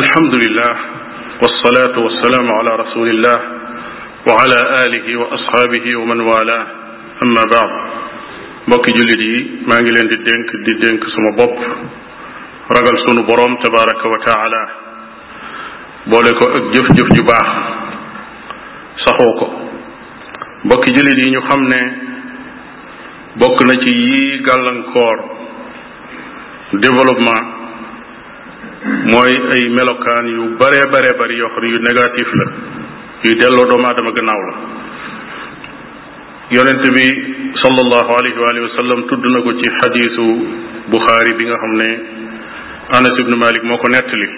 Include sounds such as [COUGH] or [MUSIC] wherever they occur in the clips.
alhamdulilah walsalatu walsalaamu ala rasulillah wa ala alihi wa ashaabihi wa man wala amma baad mbokki jullit yi maa ngi leen di dénk di dénk sama bopp ragal sunu boroom tabaraka wa taala boole ko ak jëf-jëf ju baax saxoo ko mbokki jullit yi ñu xam ne bokk na ci yii gàllankoor développement mooy ay melokaan yu bare bare bari yoo xam ne la yuy delloo doomu aadama gannaaw la yonent bi sallallahu alayhi wa sallam tudd na ko ci xadiisu Buxaari bi nga xam ne Anas ibnu Malik moo ko nettali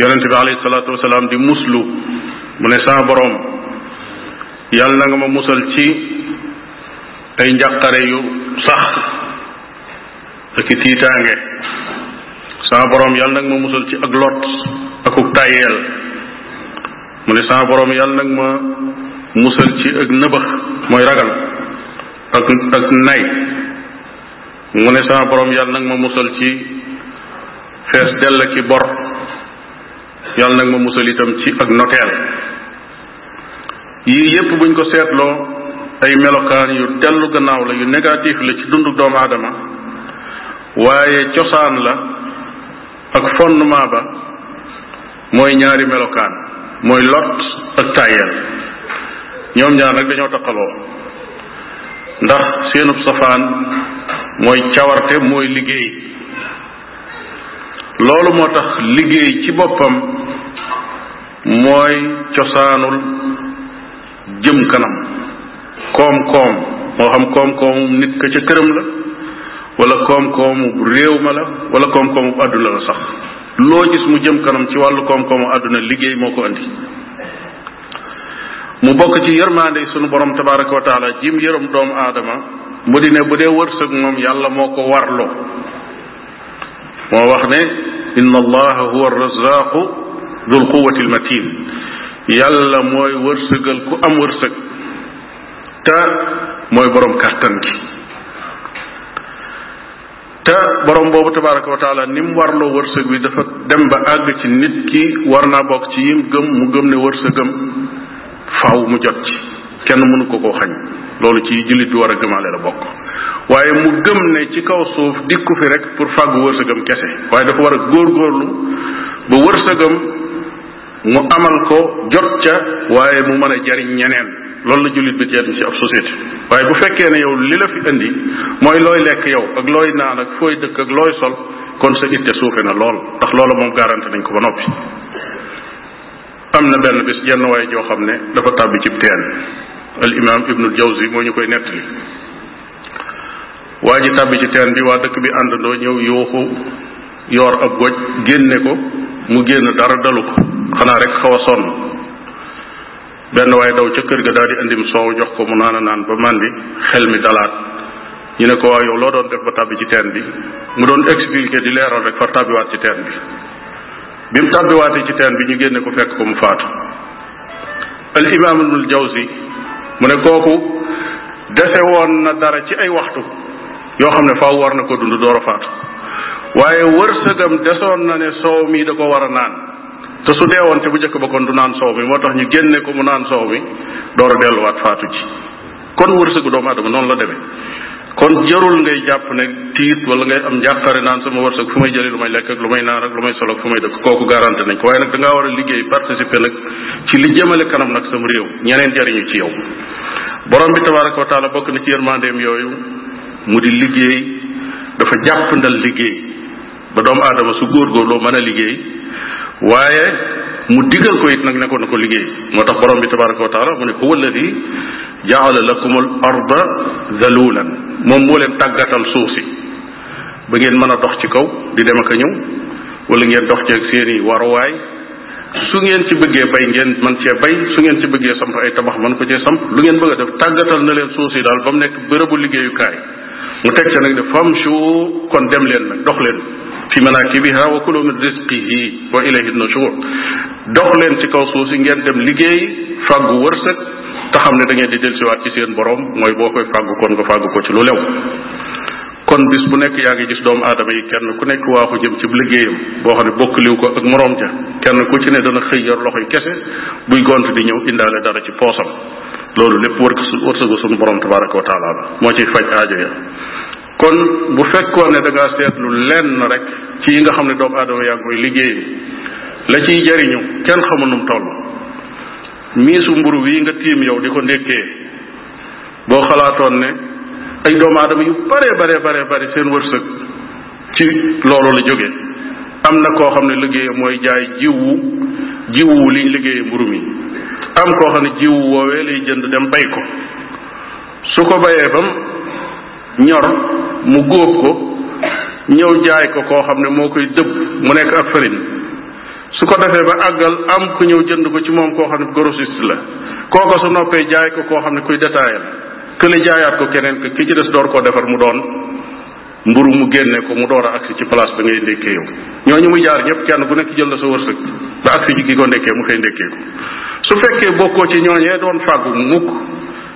yonent bi alayhi salaatu wasalaam di muslu mu ne saa boroom yàlla na nga ma musal ci ay njàqare yu sax ak i tiitaange sama boroom yàlla nag ma musal ci ak lot akuk tàyyeel mu ne sama borom yàlla nag ma musal ci ak nëbax mooy ragal ak ak nay mu ne sama borom yàlla nag ma musal ci fees dell ki bor yàlla nag ma musal itam ci ak noteel yii yépp buñ ko seetloo ay melokaan yu dellu gannaaw la yu négatif la ci dundu doomu aadama waaye cosaan la ak fondement ba mooy ñaari melokaan mooy lot ak tàyyeel ñoom ñaar nag dañoo taqaloo ndax seenub safaan mooy cawarte mooy liggéey loolu moo tax liggéey ci boppam mooy cosaanul jëm kanam koom-koom moo xam koom-koomum nit ka ca këram la wala koom-koomu réew ma la wala koom-koomu àdduna la sax loo gis mu jëm kanam ci wàllu koom-koomu àdduna liggéey moo ko andi mu bokk ci yërmaande sunu borom tabaraka wa taala jim yërëm doomu aadama mu di ne bu dee wërsëg moom yàlla moo ko warloo moo wax ne inna allaha huwa razaqu dul quwati almatin yàlla mooy wërsëgal ku am wërsëg te mooy borom kàttan gi te borom boobu tabaraka wa ni mu warloo wërsëg wi dafa dem ba àgg ci nit ki war naa bokk ci yim gëm mu gëm ne wërsëgam faaw mu jot ci kenn mënu ko koo xañ loolu ci jullit bi war a gëmaale la bokk waaye mu gëm ne ci kaw suuf dikku fi rek pour fàggu wërsëgam kese waaye dafa war a góor góorlu ba wërsëgam mu amal ko jot ca waaye mu mën a jariñ ñeneen loolu la jullit bi jeetam ci ab société waaye bu fekkee ne yow li la fi indi mooy looy lekk yow ak looy naan ak fooy dëkk ak looy sol kon sa itte suufe na lool ndax loola moom garanti nañ ko ba noppi am na benn bis jenn waaye joo xam ne dafa tàbbi cib teen al imam ibnul jawzi moo ñu koy nettali waa ji tàbbi ci teen bi waa dëkk bi àndandoo ñëw yooxu yor ab goj génne ko mu génn dara dalu ko xanaa rek xaw a sonn benn waaye daw ca kër ga daal di andim soow jox ko mu naan a naan ba màndi xel mi dalaat ñu ne ko waaw yow loo doon def ba tàbbi ci teen bi mu doon expliquer di leeral rek far tàbbiwaat ci teen bi bi mu tàbbiwaatee ci teen bi ñu génne ko fekk ko mu faatu al imaam ibnul mu ne kooku dese woon na dara ci ay waxtu yoo xam ne faaw war na ko dund door a faatu waaye wërsëgam desoon na ne soow mii da ko war a naan te su deewoon te bu njëkk ba kon du naan soow mi moo tax ñu génne ko mu naan soow mi door a delluwaat faatu ji kon wërsëgu doomu aadama noonu la demee kon jarul ngay jàpp ne tiit wala ngay am njàqare naan sama wërsëg fu may jëlee lu may lekk ak lu may naan ak lu may solo ak fu may dëkk kooku garanti nañ ko waaye nag da ngaa war a liggéey participer nag ci li jëmale kanam nag sam réew ñeneen jariñu ci yow borom bi tabaraka wa taala bokk na ci yërmandeem yooyu mu di liggéey dafa jàpp ndal liggéey ba doomu aadama su góorgóorloo mën a liggéey waaye mu digal ko it nag nekkoon na ko liggéey moo tax borom bi tabaraka wa taala mu ne huwa alladi jaala lakum al arda dalulan moom moo leen tàggatal suuf si ba ngeen mën a dox ci kaw di dem ak ñëw wala ngeen dox ci ak seeni waruwaay su ngeen ci bëggee bay ngeen man cee bay su ngeen ci bëggee samp ay tabax man ko cee samp lu ngeen bëgg a def tàggatal na leen suuf si daal ba mu nekk bérébu liggéeyukaay mu teg ca nag ne famshu kon dem leen nag dox leen fi manaakibiha wa kulu min rizqihi wa na nushur dox leen ci kaw suuf ngeen dem liggéey fàggu wërsëg te xam ne da ngeen di dellusiwaat ci seen borom mooy boo koy fàggu kon nga fàggu ko ci lu lew kon bis bu nekk yaa ngi gis doomu aadama yi kenn ku nekk waaxu jëm ci liggéeyam boo xam ne bokk bokkaliw ko ak moroom ja kenn ku ci ne dana xëy yor loxoy kese buy gont bi ñëw indaale dara ci poosam loolu lépp wër wërsëgu sunu borom tabaraka wa la moo ciy faj aajo ya kon bu fekkoon ne da ngaa seetlu lenn rek ci yi nga xam ne doomu aadama yaa koy liggéey la ciy jariñu kenn xamul nu mu toll miisu mburu wi nga tiim yow di ko ndékkee boo xalaatoon ne ay doomu aadama yu bare bare bare bare seen wërsëg ci loolu la jóge am na koo xam ne liggéeyam mooy jaay jiwu jiwu liñ liggéey mburu mi am koo xam ne jiwu woowee lay jënd dem bay ko su ko bayee bam ñor mu góob ko ñëw jaay ko koo xam ne moo koy dëbb mu nekk ak farine su ko defee ba àggal am ku ñëw jënd ko ci moom koo xam ne grossiste la kooko noppee jaay koo xam ne kuy détaillant kële jaayaat ko keneen ki ñu des door koo defar mu doon mburu mu génne ko mu door a agsi ci place ba ngay ndékkee yow ñooñu mu jaar ñëpp kenn ku nekk jël la sa wërsëg ba ko ndékkee mu xëy ndékkee ko su fekkee bokkoo ci ñooñee doon fàggu mukk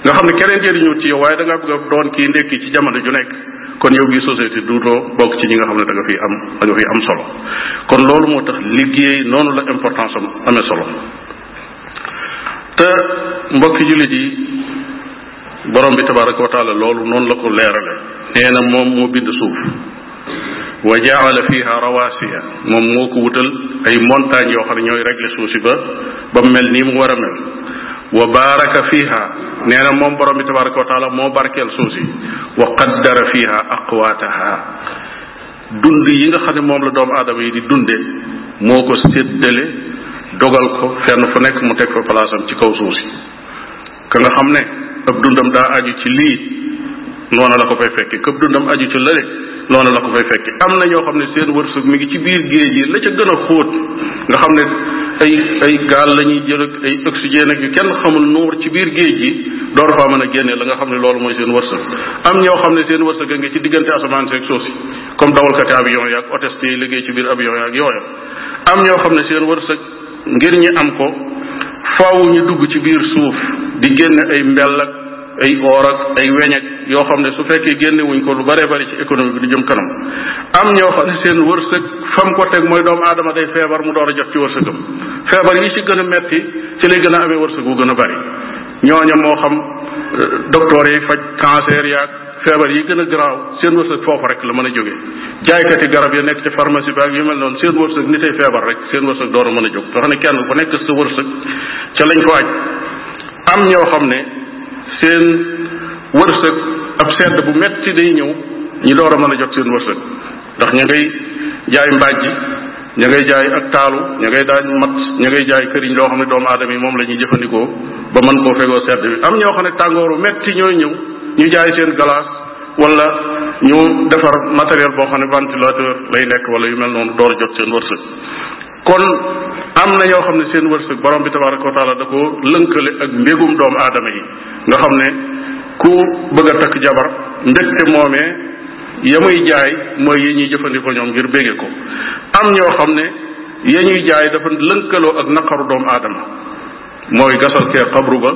nga xam ne keneen jëriñu ci yow waaye da nga bëgg doon kii ndékki ci jamono ju nekk kon yow gi société duutoo bokk ci ñi nga xam ne da nga am da nga am solo kon loolu moo tax liggéey noonu la importance am amee solo te mbokki jullit yi borom bi tabaraka wa taala loolu noonu la ko leerale nee na moom moo bind suuf wa jaala fiha rawasiya moom moo ko wutal ay montagne yoo xam ne ñooy régler suuf si ba ba mel nii mu war a mel wa baaraka fiha nee na moom borom bi tabaraka wa taala moo barkeel suuf si wa qaddara fiha aqwaataha dund yi nga xam ne moom la doomu aadama yi di dunde moo ko séddale dogal ko fenn fu nekk mu teg fa palaasam ci kaw suuf si ka nga xam ne ab dundam daa aju ci lii noona la ko fay fekke këpp dundam aju ci lële noonu la ko fay fekk am na ñoo xam ne seen wërsëg mi ngi ci biir géej yi la ca gën a xóot nga xam ne ay ay gaal la ñuy jël ak ay oxygène ak yu kenn xamul nuur ci biir géej gi door faa mën a génnee la nga xam ne loolu mooy seen wërsëg am ñoo xam ne seen wërsëg a ngi ci diggante asamaan seeg suuf si comme dawalkati avion yaag hôtesse yi liggéey ci biir avion yaag yooya am ñoo xam ne seen wërsëg ngir ñi am ko faaw ñu dugg ci biir suuf di génne ay mbell ay or ak ay weñ yoo xam ne su fekkee génnewuñ ko lu bare bari ci économie bi du jëm kanam am ñoo xam ne seen wërsëg fam ko teg mooy doom aadama day feebar mu door a jot ci wërsëgam feebar yi ci gën a metti ci lay gën a amee wërsëg bu gën a bari ñooña moo xam euh, docteur yi faj cancer yaag feebar yi gën a garaaw seen wërsëg foofu rek la mën a jóge jaaykati garab ya nekk ci pharmacie baag yu mel noonu seen wërsëg ni tey feebar rek seen wërsëg door a mën a jóg nga xam ne kenn ku nekk sa wërsëg ca lañ ko aj am ñoo xam ne seen wërsëg ab sedd bu metti day ñëw ñi door a mën a jot seen wërsëg ndax ña ngay jaay mbàjj ña ngay jaay ak taalu ña ngay daaj mat ña ngay jaay këriñ loo xam ne doomu aadama yi moom la ñuy jëfandikoo ba mën koo fegoo sedd bi am ñoo xam ne tàngooru metti ñooy ñëw ñu jaay seen glace wala ñu defar matériel boo xam ne ventilateur lay nekk wala yu mel noonu door a jot seen wërsëg kon am na ñoo xam ne seen wërsëg borom bi tabaraka wa taala da ko lënkale ak mbégum doomu aadama yi nga xam ne ku bëgg a takk jabar mbégte moomee ya muy jaay mooy yi ñuy jëfandikoo ñoom ngir bége ko am ñoo xam ne ya ñuy jaay dafa lënkaloo ak naqaru doomu aadama mooy gasal kee xabru ba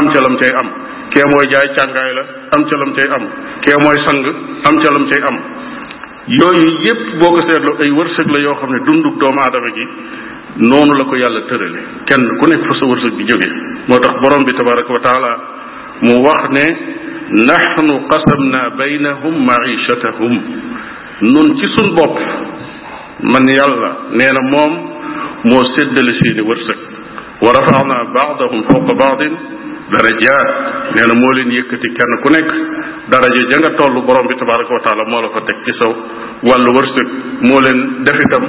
am ca lam cay am kee mooy jaay càngaay la am ca lam cay am kee mooy sang am ca lam cay am yooyu yépp boo ko seetloo ay wërsëg la yoo xam ne dundug doomu aadama gi noonu la ko yàlla tërale kenn ku nekk fa wërsëg bi jóge moo tax borom bi tabaraka wa taala mu wax ne nahnu qasamna baynahum maichatahum nun ci sun bopp man yàlla nee na moom moo séddale seeni wërsëg wa baadahum fawqa baadin darajaat nee na moo leen yëkkati kenn ku nekk daraja ja nga toll borom bi tabaraka wa taala moo la fa teg ci saw wàllu wërsëg moo leen def itam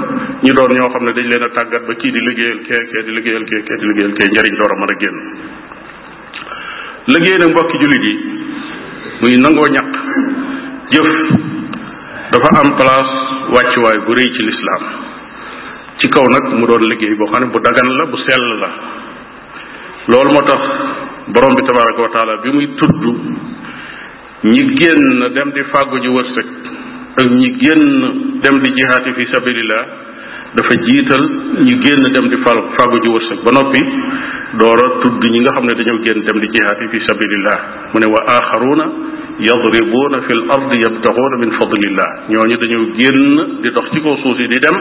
ñu doon ñoo xam ne dañ leen a tàggat ba kii di liggéeyal kee kee di liggéeyal kee kee di liggéeyal kee njariñ door a mën a génn liggéey nag mbokki jullit yi muy nangoo ñaq jëf dafa am place wàccuwaay bu rëy ci lislaam ci kaw nag mu doon liggéey boo xam ne bu dagan la bu sell la loolu moo tax borom bi tabaraka wa taala bi muy tudd ñi génn dem di fàggu ji wërsëg ak ñi génn dem di jihaati fi sabilillah dafa jiital ñi génn dem di fal fàggu ji wërsëg ba noppi doora tudd ñi nga xam ne dañoo génn dem di jihaati fi sabilillah mu ne wa axaruna yadribuuna fi l ard yabtaxuuna min fadlillah ñooñu dañoo génn di dox ci ko suuf si di dem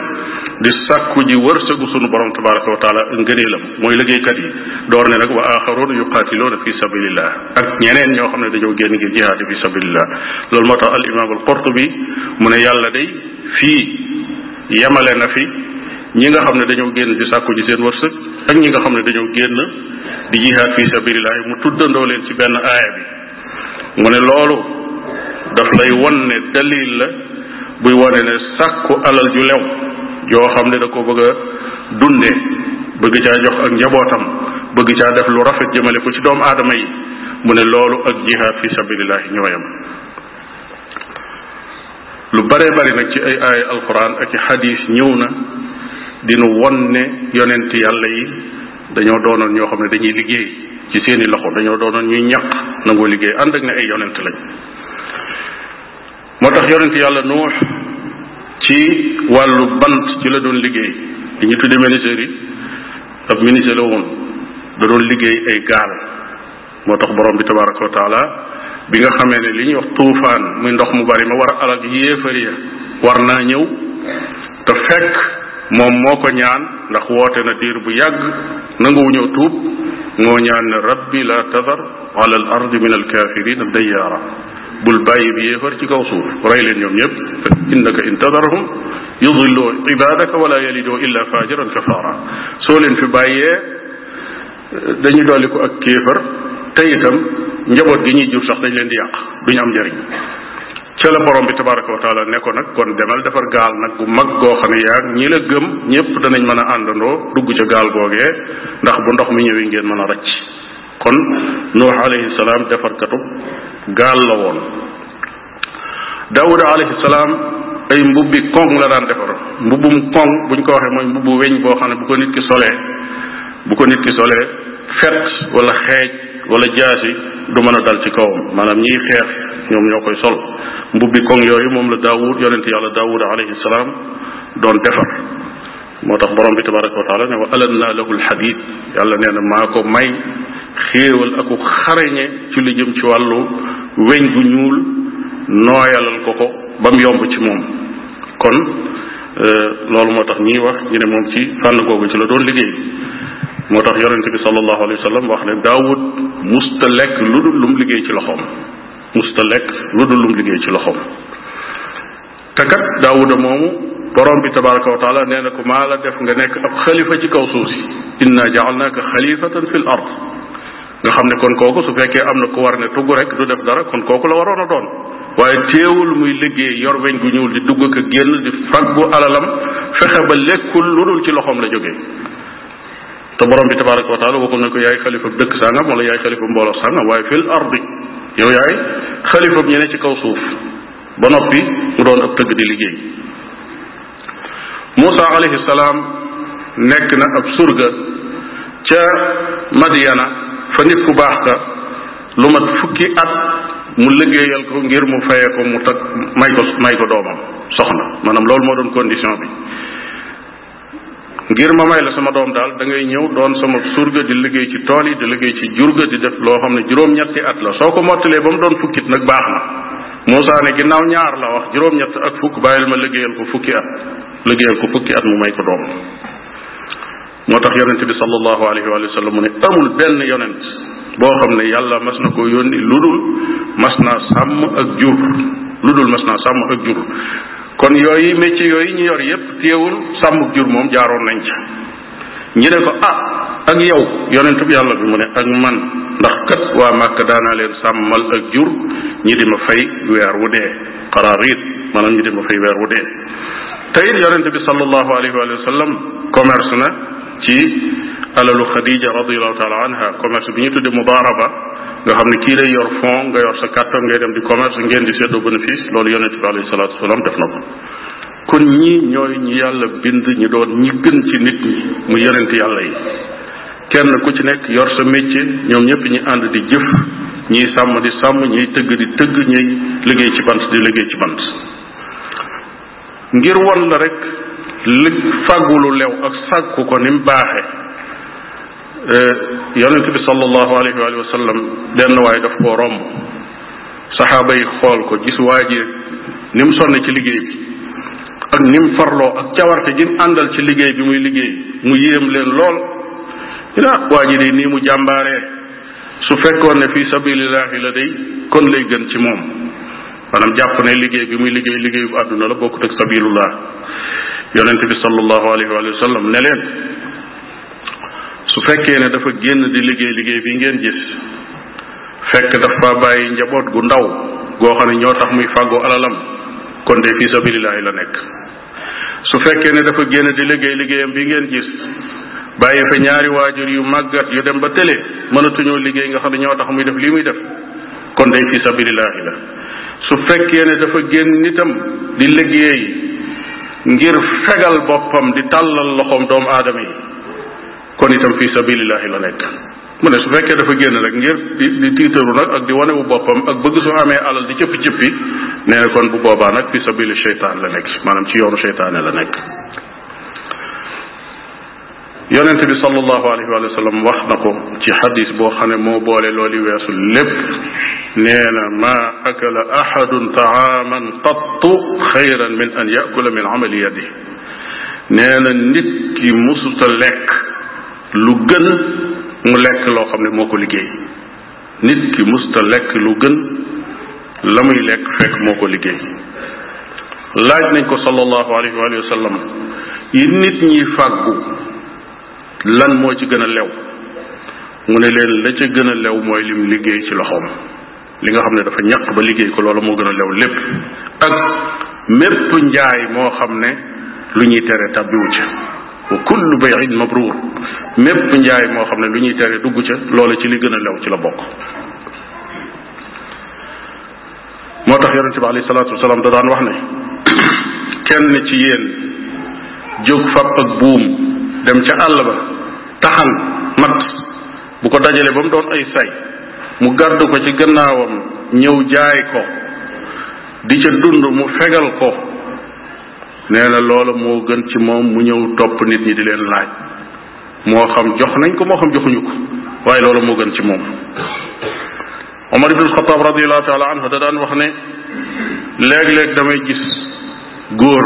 di sàkku ji wërsëgu sunu borom tabaraka wa taala ngëneelam mooy liggéeykat yi door ne nag wa axaruuna yuqaatiluuna fi sabilillah ak ñeneen ñoo xam ne dañoo génn ngir jihaadi fi sabilillah loolu moo tax al imaam al mu ne yàlla day fii yemale na fi ñi nga xam ne dañoo génn di sàkku ji seen wërsëg ak ñi nga xam ne dañoo génn di jihaad fi sabilillah mu tuddandoo leen ci benn aaya bi mu ne loolu daf lay won ne dalil la buy wane ne sàkku alal ju lew yoo xam ne da ko bëgg a dunde bëgg caa jox ak njabootam bëgg caa def lu rafet jëmale ko ci doomu aadama yi mu ne loolu ak jihaad fi sabilillahi ñooyam lu bare bari nag ci ay aaya alquran ak i xadis ñëw na dina won ne yonent yàlla yi dañoo doonoon ñoo xam ne dañuy liggéey ci seeni loxo dañoo doonoon ñuy ñaq nangoo liggéey ànd ak ne ay yonent lañ moo tax yonent yàlla nuux ci wàllu bant ci la doon liggéey li ñu tudde menuisier yi ab menuisier la woon da doon liggéey ay gaal moo tax borom bi tabaraka wa taala bi nga xamee ne li ñuy wax tuufaan muy ndox mu bari ma war a alal yéefar war naa ñëw te fekk moom moo ko ñaan ndax woote na diir bu yàgg nanguwuñoo tuub moo ñaan ne rabbi la tadar ala al ardi min al kafirina dayyaara bul bàyyi bi yéefar ci kaw suuf rey leen ñoom ñëpp fa innaka in tadarhum yudillu ibadaka wala yalidoo illa fajiran kafaara soo leen fi bàyyee dañu dolli ko ak kéefar te itam njaboot gi ñuy jur sax dañ leen di yàq ñu am njariñ ca la borom bi tabaraka wa taala ne ko nag kon demal defar gaal nag bu mag goo xam ne yaa ñi la gëm ñépp danañ mën a àndandoo dugg ca gaal googee ndax bu ndox mi ñëwee ngeen mën a racc kon nuux alayhi salaam defarkatu gaal la woon daawuda alayhi salaam ay mbubbi koŋ la daan defar mbubbum koŋ buñ ko waxee mooy mbubbu weñ boo xam ne bu ko nit ki solee bu ko nit ki solee fet wala xeej wala jaasi du mën a dal ci kawam maanaam ñiy xeex ñoom ñoo koy sol mbubbi koŋ yooyu moom la daawud yonent yàlla daawud alayhi salaam doon defar moo tax borom bi tabaraka wa taala ne wa alanna lahu alhadid yàlla nee na maa ko may xéewal aku xarañe ci jëm ci wàllu weñ gu ñuul nooyalal ko ko ba mu yomb ci moom kon euh, loolu moo tax ñiy wax ñu ne moom ci fànn googu ci la doon liggéey moo tax yonente bi sallallahu wax ne daawud musta lekk lu dul lum liggéey ci loxoom musta lekk lu dul lum liggéey ci loxoom te kat daawuda moomu borom bi tabaraka wa taala nee na ko maa la def nga nekk ab xalifa ci kaw suuf si inna jaalnaaka xalifatan fil ard nga xam ne kon kooku su fekkee am na ku war ne tugg rek du def dara kon kooku la waroon a doon waaye teewul muy liggéey yor weñ gu ñuul di dugg ak génn di faggu alalam fexe ba lekkul lu dul ci loxoom la jógee te borom bi tabaraka wa taala waxul ne ko yaay xalifa dëkk sangam wala yaay xalifa mbooloo sangam waaye fil ardi yow yaay xalifa ñu ci kaw suuf ba noppi mu doon ab tëgg di liggéey Moussa alayhi salaam nekk na ab surga ca Madiana fa nit baax ka lu mat fukki at mu liggéeyal ko ngir mu faye ko mu tag may ko doomam soxna maanaam loolu moo doon condition bi ngir ma may la sama doom daal da ngay ñëw doon sama surga di liggéey ci tool yi di liggéey ci jur jurga di def loo xam ne juróom-ñetti at la soo ko mottalee ba mu doon fukkit nag baax na Moussa ne ginnaaw ñaar la wax juróom-ñett ak fukk bàyyil ma liggéeyal ko fukki at liggéeyal ko fukki at mu may ko doom moo tax yonent bi sallallahu alayhi wa sallam mu ne amul benn yonent boo xam ne yàlla mas na ko yónni lu dul mas naa sàmm ak jur lu dul mas naa sàmm ak jur kon yooyu métier yooyu ñu yor yépp téewul sàmm jur moom jaaroon nañ ca ñu ne ko ah ak yow yonentub yàlla bi mu ne ak man ndax kat waa Màkka daanaa leen sàmm ak jur ñi di ma fay weer wu dee xaraariit maanaam ñi di ma fay weer wu dee te it yonent bi sallallahu alayhi wa sallam commerce na ci alalu Khadija radiyallahu taala anha commerce bi ñu tudde mudaaraba nga xam ne kii lay yor fond nga yor sa kàttan ngay dem di commerce ngeen di seddoo bénéfice loolu yonent bi alayhi salaatu wasalaam def na ko kon ñi ñooy ñi yàlla bind ñu doon ñi gën ci nit ñi mu yonent yàlla yi kenn ku ci nekk yor sa métier ñoom ñëpp ñi ànd di jëf ñiy sàmm di sàmm ñiy tëgg di tëgg ñiy liggéey ci bant di liggéey ci bant ngir won la rek li fàggulu lew ak sàkku ko ni mu baaxe Euh, yonent bi sallallahu alayhi wa sallam benn waay daf koo romb saxaaba yi xool ko gis waa ji ni ci liggéey bi ak ni mu farloo ak cawarte gi mu àndal ci liggéey bi muy liggéey mu yéem leen lool ina waa ji de nii mu jàmbaaree su fekkoon ne fii sabilillahi la day kon lay gën ci moom maanaam jàpp ne liggéey bi muy liggéey liggéey àdduna la bokkut ak sabilullah yonent bi sallallahu alayhi wa sallam ne leen su fekkee ne dafa génn di liggéey liggéey bii ngeen gis fekk dafa bàyyi njaboot gu ndaw goo xam ne ñoo tax muy fàggoo alalam kon de fii sabilillahi la nekk su fekkee ne dafa génn di liggéey liggéeyam bi ngeen gis bàyyi fa ñaari waajur yu màggat yu dem ba télé mënatuñoo liggéey nga xam ne ñoo tax muy def lii muy def kon day fii la su fekkee ne dafa génn nitam di liggéey ngir fegal boppam di tàllal loxoom doomu aadama yi kon itam fi sabilillahi la nekk mu ne su fekkee dafa génn ngir di tiitaru nag ak di wane wu boppam ak bëgg su amee alal di cëppi cëppi nee na kon bu boobaa nag fi sabili seytaan la nekk maanaam ci yoonu seytaane la nekk yonente bi ko boo xam ne moo boole looli weesu lépp nee na ma akala ahadun taaman qattu xayran min an yakula min amali yadi nee na nit ki musuta lu gën mu lekk loo xam ne moo ko liggéey nit ki musta lekk lu gën la muy lekk fekk moo ko liggéey laaj nañ ko sallallahu alayhi wa yi nit ñi fàggu lan moo ci gën a lew mu ne leen la ca gën a lew mooy lim liggéey ci loxoom li nga xam ne dafa ñaq ba liggéey ko loola moo gën a lew lépp ak mépp njaay moo xam ne lu ñuy tere tabbiwu ca wa kullu bayin mabruur mépp njaay moo xam ne lu ñuy tere dugg ca loola ci li gën a lew ci la bokk moo tax yonente bi alayhi salaatu wasalaam da daan wax ne [CLEARS THROAT] kenn ci yéen jóg fàpp ak buum dem ca àll ba taxan natt bu ko dajalee ba mu doon ay say mu gàddu ko ci gannaawam ñëw jaay ko di ca dund mu fegal ko nee na loola moo gën ci moom mu ñëw topp nit ñi di leen laaj moo xam jox nañ ko moo xam joxuñu ko waaye loolu moo gën ci moom Omar ibn Xataab radiallahu taala da daan wax ne léeg-léeg damay gis góor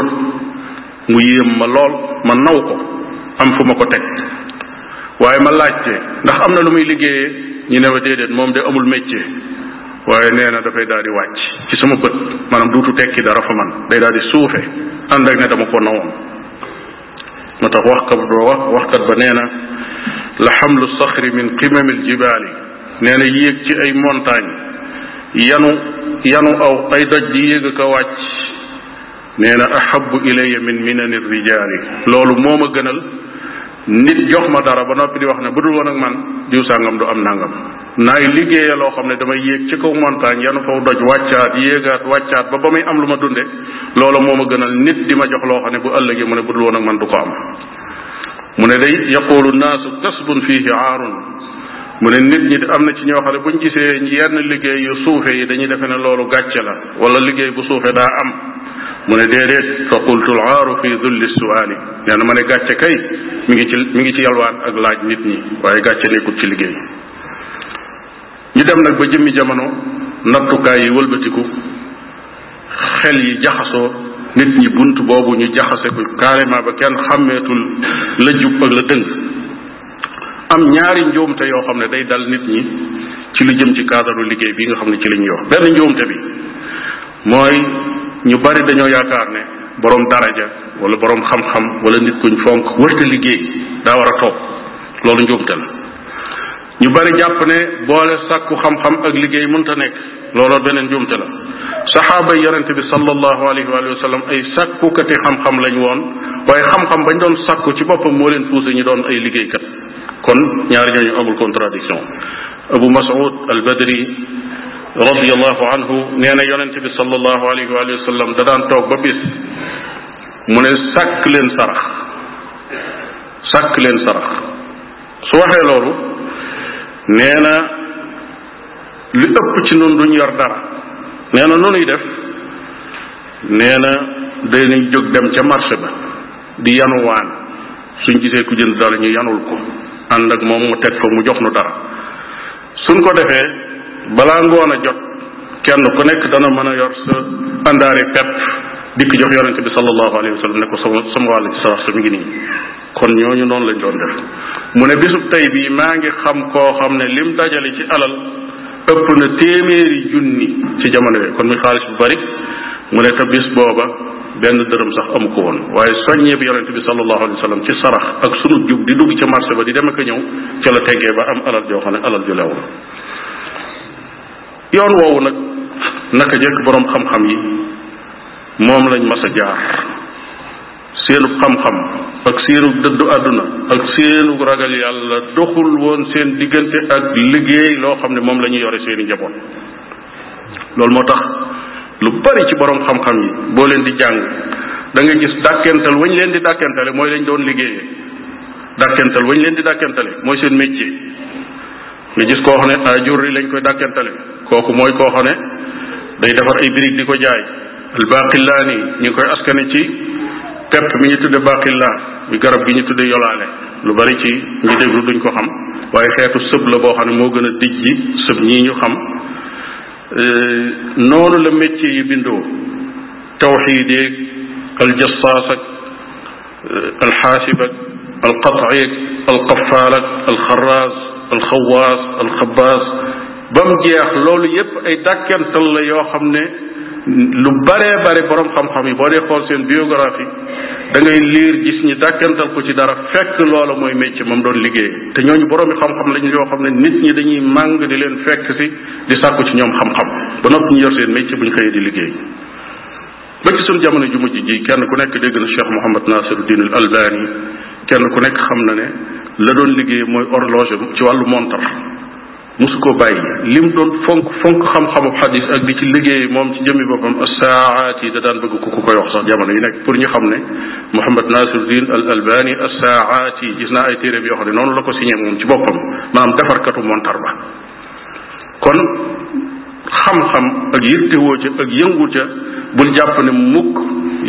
mu yéem ma lool ma naw ko am fu ma ko teg waaye ma laajte ndax am na lu muy liggéeye ñu ne ma moom de amul métier waaye nee na dafay daal di wàcc ci sama bët maanaam duutu tekki dara fa man day daal di suufe ànd ak ne dama ko nawoon moo tax waxkat ba wax waxkat ba nee na la xamlu saxri min qimami aljibaali nee na yéeg ci ay montagne yanu yanu aw ay doj di yéeg ak a wàcc nee na ahabu ilaya min minani rijaali loolu moo ma gënal nit jox ma dara ba noppi di wax ne bu dul woon ak man diw sàngam du am nangam naay liggéeya loo xam ne damay yéeg ci kaw montagne yanu faw doj wàccaat yéegaat wàccaat ba ba muy am lu ma dunde loolu moo ma gënal nit di ma jox loo xam ne bu ëllëgee mu ne bu dul woon ak man du ko am mu ne day yaqulu naasu fii fiihi aarun mu ne nit ñi am na ci ñoo xam bu buñ gisee yenn liggéey yu suufe yi dañuy defe ne loolu gàcce la wala liggéey bu suufe daa am mu ne déedéet fa qultu laaru fi dulli suaali nee na ma ne gàcce kay mu ngi ci mu ngi ci yalwaan ak laaj nit ñi waaye gàcce nekkut ci liggéey ñu dem nag ba jëmmi jamono nattukaay yi wëlbatiku xel yi jaxasoo nit ñi bunt boobu ñu jaxase ko carrément ba kenn xàmmeetul la jub ak la dëng am ñaari njuumte yoo xam ne day dal nit ñi ci lu jëm ci cadre liggéey bi nga xam ne ci lañ yor benn njuumte bi mooy ñu bari dañoo yaakaar ne borom daraja wala boroom xam-xam wala nit kuñ fonk wërta liggéey daa war a toog loolu njuumte la ñu bari jàpp ne boole sàkku xam-xam ak liggéey mënta nekk looloo beneen njuumte la saxaaba yonente bi sallallahu alayhi wa sallam ay sàkkukati xam-xam lañ woon waaye xam-xam bañ doon sàkku ci boppam moo leen poussé ñu doon ay liggéeykat kon ñaari ñooñu amul contradiction abu mas'ud al badri radiyallahu anhu nee na yonente bi sallallahu alayhi wa sallam da daan toog ba bis mu ne sàkk leen sarax sàkk leen sarax su waxee loolu nee na li ëpp ci nun duñ yor dara nee na nunuy def nee na dañuy jóg dem ca marché ba di yanuwaan suñ gisee ku jënd dara ñu yanul ko ànd ak moom mu teg fa mu jox nu dara suñ ko defee balaa ngoon a jot kenn ku nekk dana mën a yor sa àndaari pepp dikk jox yonente bi sallallahu alayhi wa sallam ne ko sama sama wàll ci sa wax ngi nii kon ñooñu noonu lañ doon def mu ne bisub tey bii maa ngi xam koo xam ne lim dajale ci alal ëpp na téeméeri junni ci jamono bi kon muy xaalis bu bari mu ne te bis booba benn dërëm sax amu ko woon waaye soññee bi yonente bi sallallahu alayhi wa sallam ci sarax ak sunu jub di dugg ca marché ba di dem ak a ñëw ca la tegee ba am alal joo xam ne alal ju lew yoon woowu nag naka jekk boroom xam-xam yi moom lañ mas a jaar seenub xam-xam ak seenub dëddu àdduna ak seenub ragal yàlla doxul woon seen diggante ak liggéey loo xam ne moom la ñuy yore seeni njaboot loolu moo tax lu bari ci boroom xam-xam yi boo leen di jàng da nga gis dàkkental wañ leen di dàkkentale mooy lañ doon liggéeyee dàkkental wañ leen di dàkkentale mooy seen métier nga gis koo xam ne ajurri lañ koy dàkkantale kooku mooy koo xam ne day defar ay birig di ko jaay al baqillaani ñu ngi koy askane ci pepp mi ñu tudde baqillaa bi garab gi ñu tudde yolaale lu bari ci ñi déglu duñ ko xam waaye xeetu sëb la boo xam ne moo gën a dijj sëb ñii ñu xam noonu la métier yi bindoo tawxiid yeeg aljassaas ak alxaasib alxaraas alxawaas alxabaas ba mu jeex loolu yépp ay dàkkantal la yoo xam ne lu baree bare borom xam-xam yi boo dee xool seen biographie dangay liir gis ñi dàkkantal ko ci dara fekk loola mooy métier moom doon liggéey te ñooñu boroomi xam-xam lañu yoo xam ne nit ñi dañuy màng di leen fekk si di sàkku ci ñoom xam-xam ba noppi ñu yor seen métier bu ñu xëyee di liggéey. ba ci sunu jamono ju mujj ji kenn ku nekk dégg na Cheikh Mouhamad Nasiruddin al Albani kenn ku nekk xam na ne la doon liggéey mooy horloge ci wàllu montar mosu ko bàyyi lim doon fonk fonk xam-xamu xadis ak di ci liggéey moom ci jëmmi boppam assaat yi da daan bëgg ku ko koy sax jamono yu nekk pour ñu xam ne Mouhamed Nasiruddin al Albani assaat yi gis naa ay téere bi yoo xam ne noonu la ko signé moom ci boppam maanaam defarkatu montar ba kon xam-xam ak yittewoo ca ak yëngu ca bul jàpp ne mukk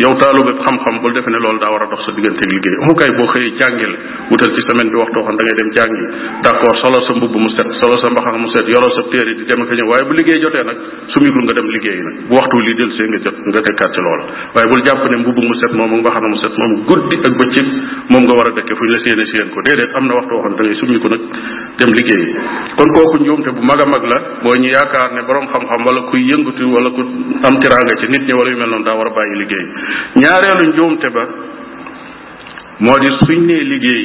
yow taalu bépp xam-xam bul defe ne loolu daa war a dox sa digganteeg liggéey amu kay boo xëyee jàngil wutal ci semaine bi waxtoo xam da dem jàngi d'accord solo sa mbubb mu set solo sa mbaxana mu set yoroo sa téere di dem ak ñëw waaye bu liggéey jotee nag su nga dem liggéey nag bu waxtu lii del see nga jot nga tekkaat ci loola waaye bul jàpp ne mbubb mu set moom mbaxana mu set moom guddi ak bëccëg moom nga war a dekke fu ñu la séene séen ko déedéet am na waxtoo xam da ngay summi ko nag bu mag a la boo ñu yaakaar ne borom xam-xam wala kuy ku am tiraanga ci nit ñi wala yu mel noonu daa war a bàyyi liggéey ñaareelu njuumte ba moo di suñ nee liggéey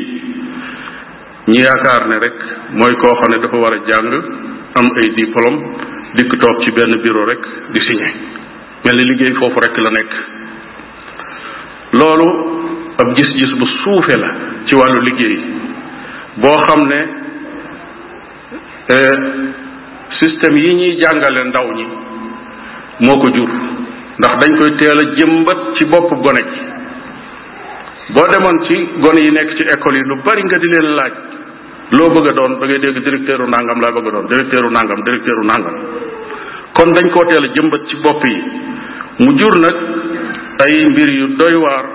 ñi yaakaar ne rek mooy koo xam ne dafa war a jàng am ay diplôme dikk toog ci benn bureau rek di signé mel ni liggéey foofu rek la nekk loolu ab gis-gis bu suufe la ci wàllu liggéey boo xam ne eh, système yi ñuy jàngale ndaw ñi moo ko jur ndax dañ koy teel a jëmbat ci bopp gone gi boo demoon ci gone yi nekk ci école yi lu bari nga di leen laaj loo bëgg a doon da ngay dégg directeur u nangam laa bëgg a doon directeur u nangam directeur u nangam kon dañ koo teel a jëmbat ci bopp yi mu jur nag ay mbir yu doy waar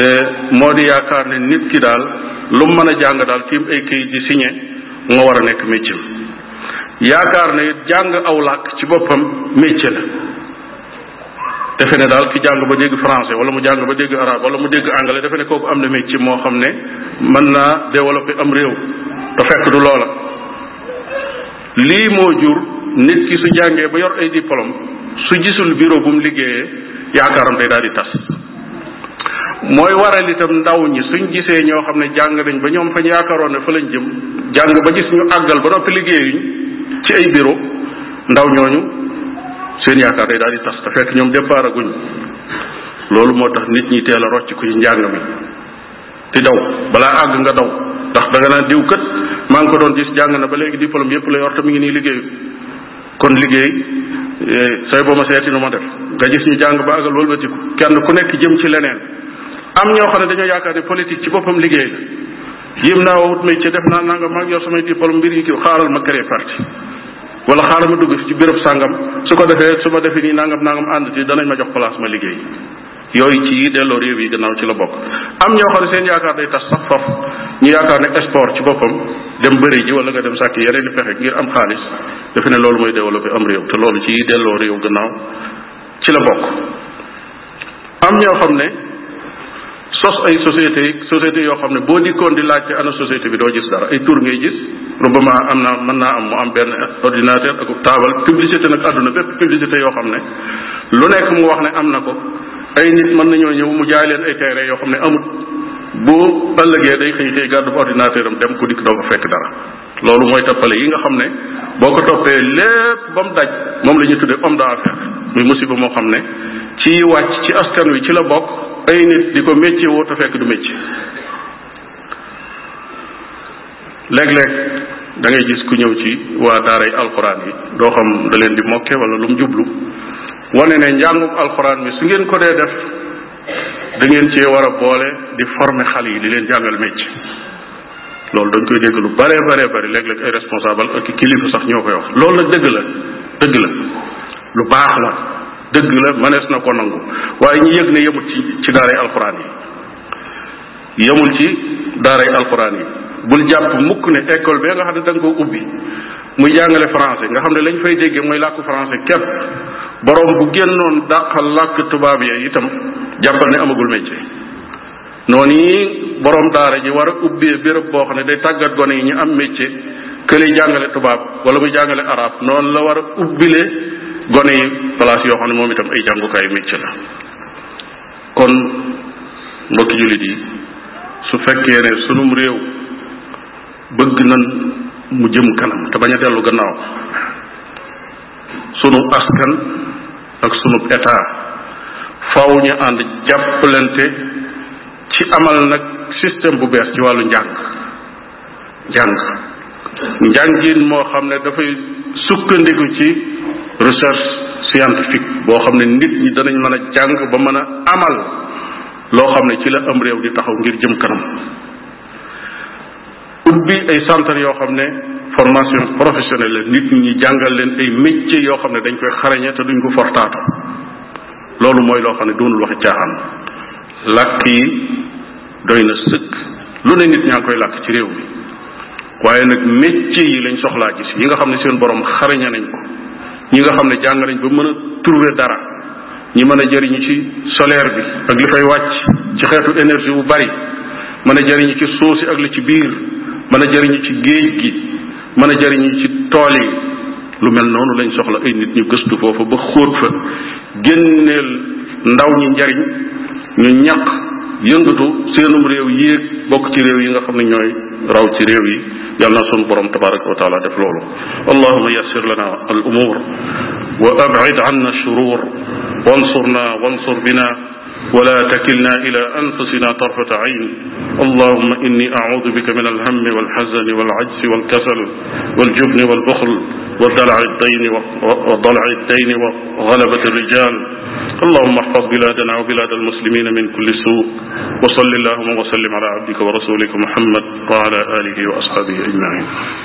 eh, moo di yaakaar ne nit ki daal lu mën a jàng daal tiim ay këyit di signé moo war a nekk métier yaakaar ne jàng aw làkk ci boppam métier la defe ne daal ki jàng ba dégg français wala mu jàng ba dégg arabe wala mu dégg anglais defe ne kooku am na métier moo xam ne mën naa développer am réew te fekk du loola lii moo jur nit ki su jàngee ba yor ay diplôme su gisul bureau bu mu liggéeyee yaakaaram day daal di tas mooy waral itam ndaw ñi suñ gisee ñoo xam ne jàng nañ ba ñoom fañ yaakaaroon ne fa lañ jëm jàng ba gis ñu àggal ba noppi liggéeyuñ ci ay bureau ndaw ñooñu seen yaakaar day daal di tas te fekk ñoom départ guñ loolu moo tax nit ñi teel a rocc ku ci njàng mi di daw balaa àgg nga daw ndax da nga naan diw kët maa ngi ko doon gis jàng na ba léegi diplôme yépp la yor te mi ngi nii liggéeyu kon liggéey eh, say boo ma seeti nu ma def nga gis ñu jàng ba àggal wëlbatiku kenn ku nekk jëm ci leneen am ñoo xam ne dañoo yaakaar ne politique ci boppam liggéey la yim naa wut may ci def naa nanga mag yor samay diplôme mbir yi kii ma créer wala xaaral ma dugg ci béréb sàngam su ko defee su ma defee nii nangam nangam ànd ci danañ ma jox place ma liggéey yooyu ci yi delloo réew yi gannaaw ci la bokk am ñoo xam ne yaakaar day tas sax faf ñu yaakaar ne sport ci boppam dem bëri ji wala nga dem sàkk yeneen i pexe ngir am xaalis dafa ne loolu mooy développé am réew te loolu ci yi delloo réew gannaaw ci la bokk am ñoo xam ne sos ay société yi yoo xam ne boo dikkoon di ana société bi doo gis dara ay tur ngay gis rubama am naa mën naa am mu am benn ordinateur ak taabal publicité nag àdduna bépp publicité yoo xam ne lu nekk mu wax ne am na ko ay nit mën nañoo ñëw mu jaay leen ay terrain yoo xam ne amut bu ëllëgee day xëy xëy ordinateur am dem ku dikk doo ko fekk dara loolu mooy tappale yi nga xam ne boo ko toppee lépp ba mu daj moom la ñuy tuddee homme d'affaires muy musiba moo xam ne ci wàcc ci askan wi ci la bokk ay nit di ko métier woo fekk du métier léeg-léeg da gis ku ñëw ci waa daaray alxuraan yi doo xam da leen di mokke wala lu jublu wane ne njàngum alxuraan bi su ngeen ko dee def da cee war a boole di former xal yi di leen jàngal métier loolu dañ koy dégg lu bare bare bari léeg-léeg ay responsable ak kilifa sax ñoo koy wax loolu nag dëgg la dëgg la lu baax la dëgg la mënees na ko nangu waaye ñu yëg ne yemul ci ci daaray alxuraan yi yemul ci daaray alxuraan yi bul jàpp mukk ne école bee nga xam ne da nga ko ubbi muy jàngale français nga xam ne lañ fay déggee mooy làkku français képp boroom bu génnoon dàqal làkk tubaab ya itam jàppal ne amagul métier noonu yi borom daara ji war a ubbee béréb boo xam ne day tàggat gone yi ñu am métier kële jàngale tubaab wala muy jàngale araab noonu la war a ubbile gone yi place yoo xam ne moom itam ay jàngukaayu mécc la kon mbokki jullit yi su fekkee ne sunum réew bëgg nan mu jëm kanam te bañ a dellu gannaaw sunu askan ak sunu état faaw ñu ànd jàppalante ci amal nag système bu bees ci wàllu njàng njàng njàngin moo xam ne dafay sukkandiku ci recherche scientifique boo xam ne nit ñi danañ mën a jàng ba mën a amal loo xam ne ci la am réew di taxaw ngir jëm kanam ubbi ay centre yoo xam ne formation professionnelle la nit ñi jàngal leen ay métiers yoo xam ne dañ koy xarañe te duñ ko fortaatu loolu mooy loo xam ne doonul waxi caaxaan làkk yi doy na sëkk lu ne nit ñaa ngi koy làkk ci réew mi waaye nag métiers yi lañ soxlaa gis yi nga xam ne seen borom xarañe nañ ko ñi nga xam ne jàng nañ ba mën a trouver dara ñi mën a jëriñu ci solaire bi ak li fay wàcc ci xeetu énergie bu bari mën a jëriñu ci suuf ak li ci biir mën a jëriñu ci géej gi mën a jëriñu ci tool yi lu mel noonu lañ soxla ay nit ñu gëstu foofa ba xóot fa génneel ndaw ñi njariñ ñu ñaq yëngatu seenum réew yéeg bokk ci réew yi nga xam ne ñooy raw ci réew yi yàlla na sunu borom tabaraka wa taala def loolu allahuma yassir lana al umur wa abid anna shurur wansurna wansur bina ولا تكلنا إلى أنفسنا طرفة عين اللهم إني أعوذ بك من الهم والحزن والعجز والكسل والجبن والبخل ودلع الدين وضلع الدين وغلبة الرجال اللهم احفظ بلادنا وبلاد المسلمين من كل سوء وصل اللهم وسلم على عبدك ورسولك محمد وعلى آله وأصحابه أجمعين